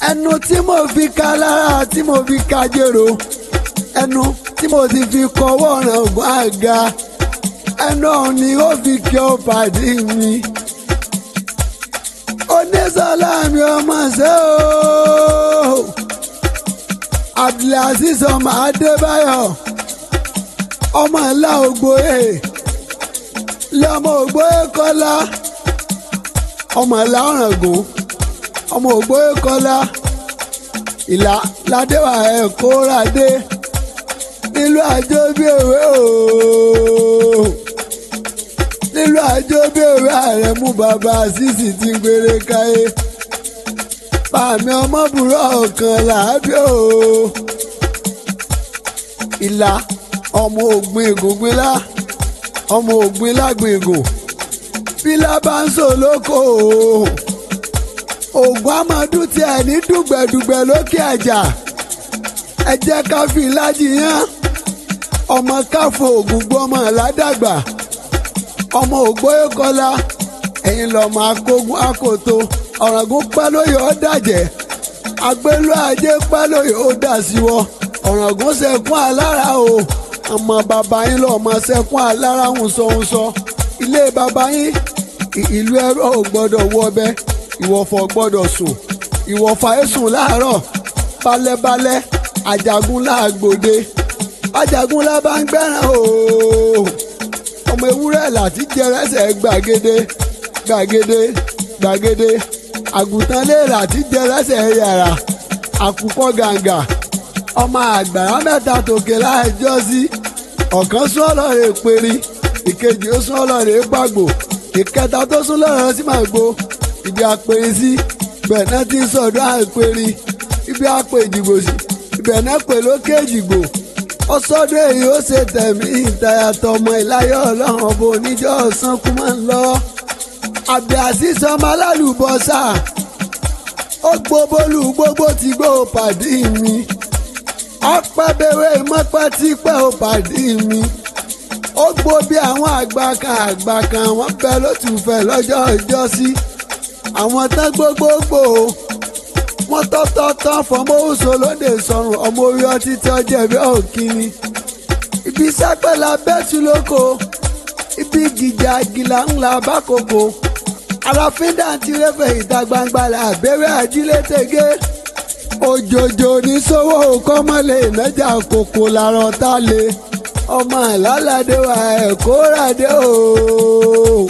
ẹnu tí mo fi ka lára tí mo fi ka jèrò ẹnu tí mo ti fi kọwọ́ ràn gún àga ẹnu ọ̀hún ni ó fi kí ọ pàdé mi onísọ̀lá mi ọmọ ṣe o Abdulaziz ọmọ Adébáyọ̀ ọmọ ńlá ògbóyè lọmọ ògbóyè kọ́lá ọmọ ńlá ọ̀ràngún ọmọ ògbóyè kọlá ìlà ládéwà ẹ̀kọ́ ràdé nílùú àjọ bí òwe ooo nílùú àjọ bí òwe ààrẹ mú bàbá àṣìṣì ti ń gbére káyé pàmì ọmọbùrọ̀ ọ̀kan làábí ooo ìlà ọmọ ògbìn ìgògbìnlá ọmọ ògbìn lágbìn ìgò bí ń sọ lóko ooo ògùn amadu tí ẹ̀ ní dùgbẹ̀dùgbẹ̀ lókè àjà ẹ jẹ́ ká fi lájì yán ọmọ káfọ ògùn gbọmọ ládàgbà ọmọ ògbóyè kọlá lọ́mọ akógun akoto ọ̀ràngún pálóyè ó dàjẹ́ agbélú ajé pálóyè ó dà sí wọ ọ̀ràngún sẹ́kún alára o ọmọ bàbá yín lọ́mọ sẹ́kún alára ń sọ ń sọ ilé bàbá yín ìlú ẹ̀rọ ò gbọ́dọ̀ wọ bẹ́ẹ̀ ìwọ̀fọ̀ gbọ́dọ̀ sùn ìwọ̀fà èsùn láàárọ̀ balẹ̀balẹ̀ àjàgùn láàgbòde àjàgùn la bá ń gbẹ́ràn ooo ọmọ ewúrẹ́ láti jẹrẹsẹ̀ gbàgede gbàgede gbàgede àgùntàn lè láti jẹrẹsẹ̀ yàrá àkùkọ gàǹgà ọmọ àgbàrá mẹ́ta tòkè láàjọ sí ọ̀kan sún ọlọ́rẹ̀ péré ìkejì ó sún ọlọ́rẹ̀ pàgbò ìkẹta tó sún lọ́rọ̀ sí màgbò ibi àpèrè sí ibẹ̀ náà ti sọ̀dọ̀ àpèrè ibi àpè ìdìbò sí ibẹ̀ náà pè lókè ìdìbò ó sọ́dọ̀ èyí ó ṣe tẹ̀mí ìtayà tọmọ ìláyọ̀ ọlọ́run ọba oníjọ́ ọ̀sán kú máa ń lọ. àbẹ̀ àṣìṣe ọmọ alálùbọ́sà ó gbóbólú gbogbo ti gbó pàdé mi ọpẹ́ bẹ̀rẹ̀ mọ́pẹ́ tí pẹ́ ò pàdé mi ó gbó bí àwọn àgbà kan àgbà kan wọ́n fẹ́ ló tún fẹ́ lọ́jọ́ ọjọ́ sí. Si àwọn tán gbogbogbò wọ́n tọ́tọ́tọ́ fọmọ́wùsọ lóde sọ̀rùn ọmọ orí ọtí tí ọjọ́ ẹ̀bí òkìní ibi sápẹ́lá bẹ́tù lóko ibi gìjà gìlà ńlá bákòkò àràfíndà ti rẹ́fẹ̀ ìta gbangba là abẹ́rẹ́ àjílẹ̀ tẹ̀gẹ́ òjòjò ní sọ́wọ́ kọ́mọ́lé ìnájà kòkò làrọ̀ tá lé ọmọ àlálàdé wa ẹ̀kọ́ ràdé ooo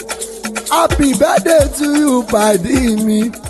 happy birthday to you pàdí mi.